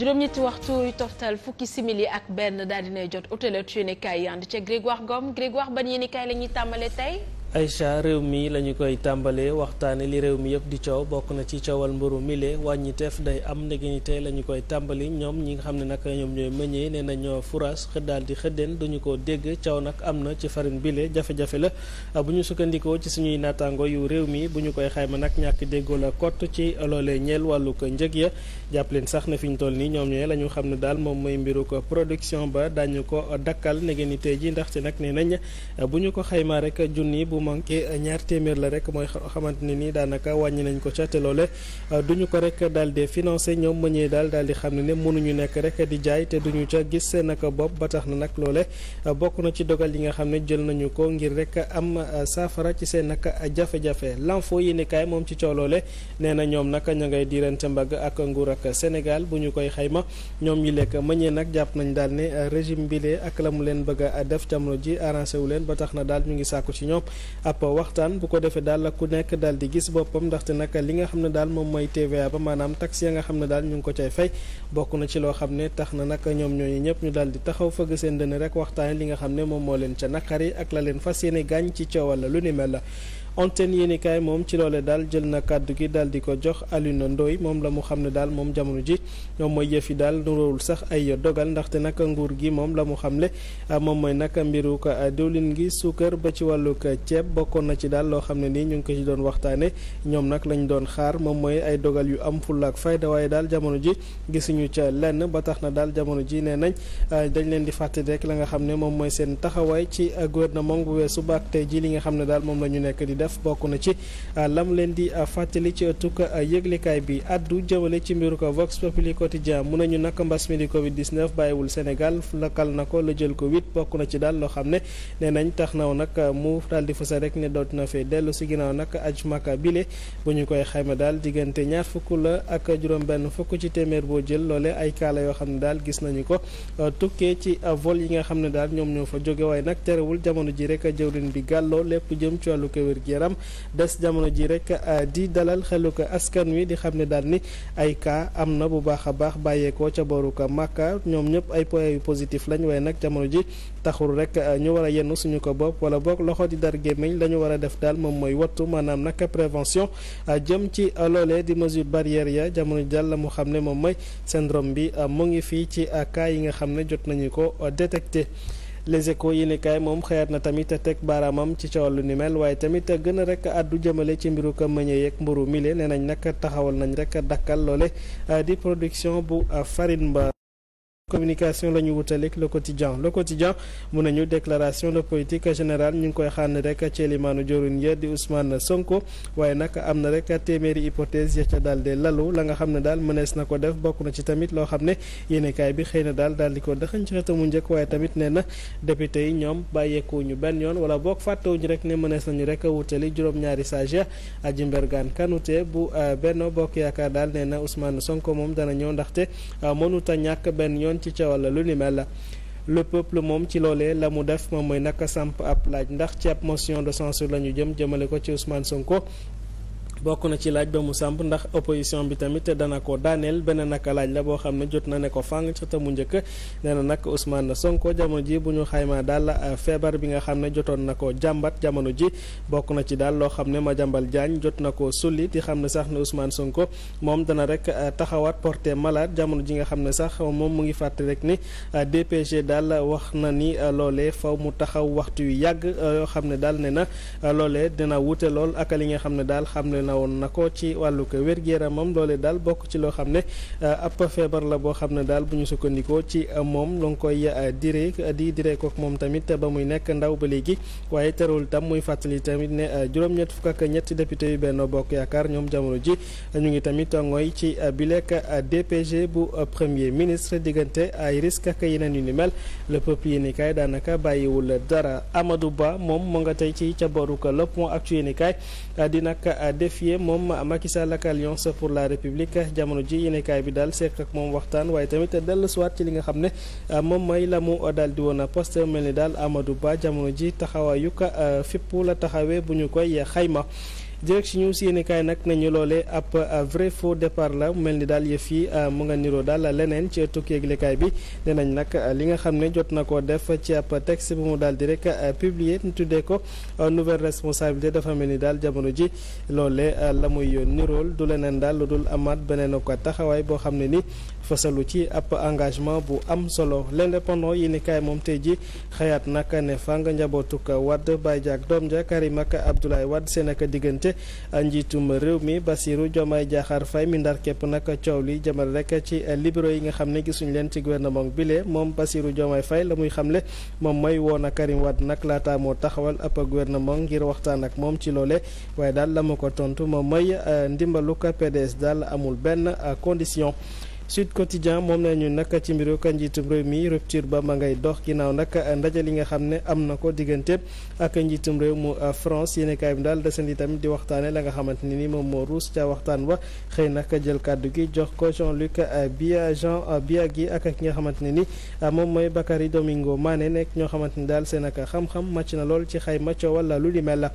juróom-ñetti waxtu yu toftal fukki simili ak benn daal dinay jot autolet yéenekaay yi ànd ca Grégoire Gomme Grégoire ban yéenekaay la ñuy tàmbale tey Aïcha réew mi la ñu koy tàmbalee waxtaane li réew mi yëpp di coow bokk na ci coowal mburu mile wàññiteef day am ndeginite la ñu koy tàmbali ñoom ñi nga xam ne nag ñoom ñooy meññee nee na ñoo furaas daal di xëddeen duñu ko dégg coow nag am na ci farine bile jafe-jafe la ah, bu ñu sukkandikoo ci suñuy naataango yu réew mi bu ñu koy xayma nag ñàkk déggoo la kott ci loolee ñeel wàllu ko njëg ya jàpp leen sax na fi ñu toll nii ñoom ñooy la ñu xam ne daal moom mooy mbiru production ba daañu ko dakkal ndeginite ji ndaxte nag nee nañ bu ko xayma bu manqué ñaar téeméer la rek mooy xamante ne ni daanaka wàññi nañ ko ca te loole euh, duñu ko rek daal di financé ñoom mëñee daal daal di xam ne ne mënuñu nekk rek di jaay te duñu ca gis seen ak bopp ba tax na nag loole euh, bokk na ci dogal yi nga xam ne jël nañu ko ngir rek am euh, saafara ci seen nag jafe-jafe l'info yi kaay moom ci coow loole nee na ñoom nag ña ngay diirante mbagg ak nguur ak Sénégal bu ñu koy xayma ñoom yi lekk mëñee nag jàpp nañ daal ne régime bile ak la mu leen bëgg a def jamono ji arrangé wu leen ba tax na daal ñu ngi sàkku ci ñoom ab waxtaan bu ko defee daal ku nekk daal di gis boppam ndaxte nag li nga xam ne daal moom mooy TVA ba maanaam taxe ya nga xam ne daal ñu ngi ko cay fay bokk na ci loo xam ne tax na nag ñoom ñooñu ñëpp ñu daal di taxaw fëgg seen dënn rek waxtaane li nga xam ne moom moo leen ca naqari ak la leen fas yéene gaañ ci coowal la lu ni mel antenne yéenekaay moom ci loole daal jël na kàddu gi daal di ko jox Alioune Ndoye moom la mu xam ne daal moom jamono ji moom mooy yëf yi daal nuróowul sax dogal ndaxte nag nguur gi moom la mu xamle ah, moom mooy nag mbiru ko ah, diwlin gi suukar ba ci wàllug ceeb bokkoon na ci daal loo xam ne nii ñu ngi ko ci doon waxtaane ñoom nag lañ doon xaar moom mooy ay dogal yu am fulla ak fayda waaye daal jamono ji gisuñu ca lenn ba tax na daal jamono ji nee nañ ah, dañ leen di fàtte rek la nga xam ne moom mooy seen taxawaay ci gouvernement bu weesu ba ak tey ji li nga xam ne daal moom la ñu nekk di def bokk na ci ah, lam leen di ah, fàttali ci ëttug ah, yëglekaay bi addu jëmale ci mbiru ko Vox Populi quotidien mun nañu nag mbas mi di Covid 19 bàyyiwul Sénégal lakal na ko la jël ko wit bokk na ci daal loo xam ne nee nañ tax naw nag mu daal di fësal rek ne doot na fee dellu si ginnaaw nag aj maka bile bu ñu koy xayma daal diggante ñaar fukk la ak juróom-benn fukk ci téeméer boo jël loole ay kaala yoo xam ne daal gis nañu ko tukkee ci vol yi nga xam ne daal ñoom ñoo fa jóge waaye nag terewul jamono ji rek jëwrin bi gàlloo lépp jëm ci wàllu këwér gi yaram des jamono ji rek euh, di dalal xelu ko askan wi di xam ne daal ni ay kaa am na bu baax a baax bàyyeekoo ca booru ko ñoom ñëpp ay point yu positif lañ waaye nag jamono ji taxul rek euh, ñu a yenn suñu ko bopp wala boog loxo di dar gémmiñ la ñu war a def daal moom mooy wattu maanaam nag prévention euh, jëm ci loolee di mesure barrière ya jamono ji daal la mu xam ne moom mooy syndrome bi mu ngi fii ci cas yi nga xam ne jot nañu ko détecté les échos yi moom xëyaat na tamit a teg baaraamam ci ca lu ni mel waaye tamit gën a rek addu jëmale ci mbiru ko mëñe yeeg mburu mile nee nañ nag taxawal nañ rek dakkal loole di production bu farine ba communication la ñu wutaleeg le quotidien le quotidien mun nañu déclaration de politique générale ñu ngi koy xànn rek ci limaanu jorin ya di Ousmane Sonko waaye nag am na rek téeméeri hypothèse ya ca daal de lalu la nga xam ne daal mënees na ko def bokk na ci tamit loo xam ne yéenekaay bi xëy na daal daal di ko dëxañ ci xëtamu njëkk waaye tamit nee na député yi ñoom ñu benn yoon wala boog fàttewuñu rek ne mënees nañu rek wutali juróom-ñaari sage ya aji mbergaan kanute bu eh, benn bokk yaakaar daal nee na Ousmane Sonko moom dana ñëw ndaxte eh, mënuta ñàkk benn yoon ci ca wala lu ni mel le peuple moom ci loolee la mu def moom mooy naka samp ab laaj ndax ci ab motion de censure la ñu jëm jëmale ko ci Ousmane Sonko bokk na ci laaj ba mu samp ndax opposition bi tamit dana ko daaneel benn naka laaj la boo xam ne jot na ne ko fàng ca te mu njëkk nee na nag Ousmane Sonko jamono ji bu ñu xaymaa daal euh, feebar bi nga xam ne jotoon na ko jàmbat jamono ji bokk na ci daal loo xam ne ma jàmbal Diagne jot na ko sulli di xam ne sax ne Ousmane Sonko moom dana rek euh, taxawaat porté malaat jamono ji nga xam ne sax moom mu ngi fàtte rek ni euh, DPG daal wax na ni loolee faw mu taxaw waxtu yu yàgg yoo xam ne daal ne na loolee dana wute lool ak li nga xam ne daal xam ne na woon na ko ci wàllu ko wér-gu-yaramam loole daal bokk ci loo xam ne euh, ab feebar la boo xam ne daal bu ñu sukkandikoo ci euh, moom la nga koy euh, dire di dire kook moom tamit ba muy nekk ndaw ba léegi waaye terewul tam muy fàttali tamit ne juróom-ñett fukk ak ñetti député yu benn Bokk Yaakaar ñoom jamono ji ñu ngi tamit ngooy ci bilek DPG bu premier ministre diggante ay risque ak yeneen yu ni mel le peuple yéenekaay daanaka bàyyiwul dara amadu Ba moom mu nga tey ci ca boruka qualifié moom Macky Sall ak Alliance pour la République jamono ji yéenekaay bi daal seq moom waxtaan waaye tamit dellu siwaat ci li nga xam ne euh, moom mooy la mu daal di woon poste mel ni daal amadu Ba jamono ji taxawaayu ka euh, fippu la taxawee bu ñu koy xayma direct si ñëw nag nañu loolee ab euh, vrai faux départ la mel ni daal yëf yi euh, mu nga niroo daal leneen ci tukki yëglekaay bi dinañ nag euh, li nga xam ne jot na ko def ci ab texte bu mu daal di publier ñu tuddee ko nouvelle responsabilité dafa mel ni daal jamono ji loole la muy nirool du leneen daal lu dul amaat beneen ko taxawaay boo xam ne nii fësalu ci ab engagement bu am solo l'indépendant yi ni kaay moom tey ji xëyaat nag ne fang njabootuk Wade Baye Diack doom ja Karim ak Abdoulaye Wade seen ak diggante njiitum réew mi Bassirou Diomaye Diakhar fay mi ndar képp nag coow li jamal rek ci libéraux yi nga xam ne gisuñu leen ci gouvernement bile moom Bassirou Diomaye fay la muy xamle moom may woon a Karim Wade nag laata moo taxawal ab gouvernement ngir waxtaan ak moom ci loole waaye daal la ma ko tontu moom mooy eh, ndimbalu PDS daal amul benn condition Sud Quotidien moom nañu nag ci mbiru ka njiitum réew mi rupture ba ma ngay dox ginnaaw nag ndaje li nga xam ne am na ko diggante ak njiitum réew mu France yéenekaay bi daal desandi tamit di waxtaane la nga xamante ni moom moo ruus ca waxtaan wa xëy nag jël kàddu gi jox ko Jean-Luc Bia Jean Bia gi ak ak nga xamante ne ni moom mooy Bakary Domingo Mané nekk ñoo xamante ni daal seen ak xam-xam màcc na lool ci xayma coowal lu li mel la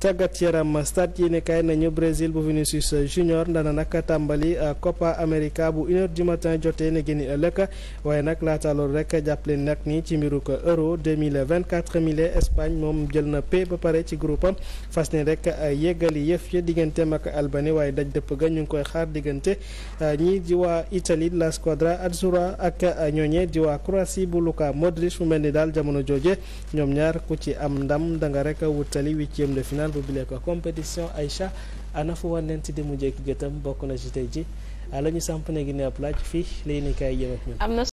tàggat yaram stade yéene kaay nañu Brésil bu Vinicius Junior dana nag tàmbali euh, Copa America bu une heure du matin jotee ne génn ëllëg waaye nag laata loolu rek jàppale nag ni ci mbiru ko euro 2024 mille Espagne moom jël na p ba pare ci groupe fas ni rek euh, yeggali yëf ya digganteem ak Albanie waaye daj dëpp ga ñu ngi koy xaar diggante euh, ñi di waa Italie la squadra azzurra ak ñooñee di waa Croatie bu Luka Modric mu mel ni daal jamono jooje ñoom ñaar ku ci am ndam da décembre bi lee ko compétition Aïcha ana fu wanneen si dimu njëkk gëtam bokk na ci tey ji la ñu samp ne gi ne ab laaj fii lay ni kaay yëm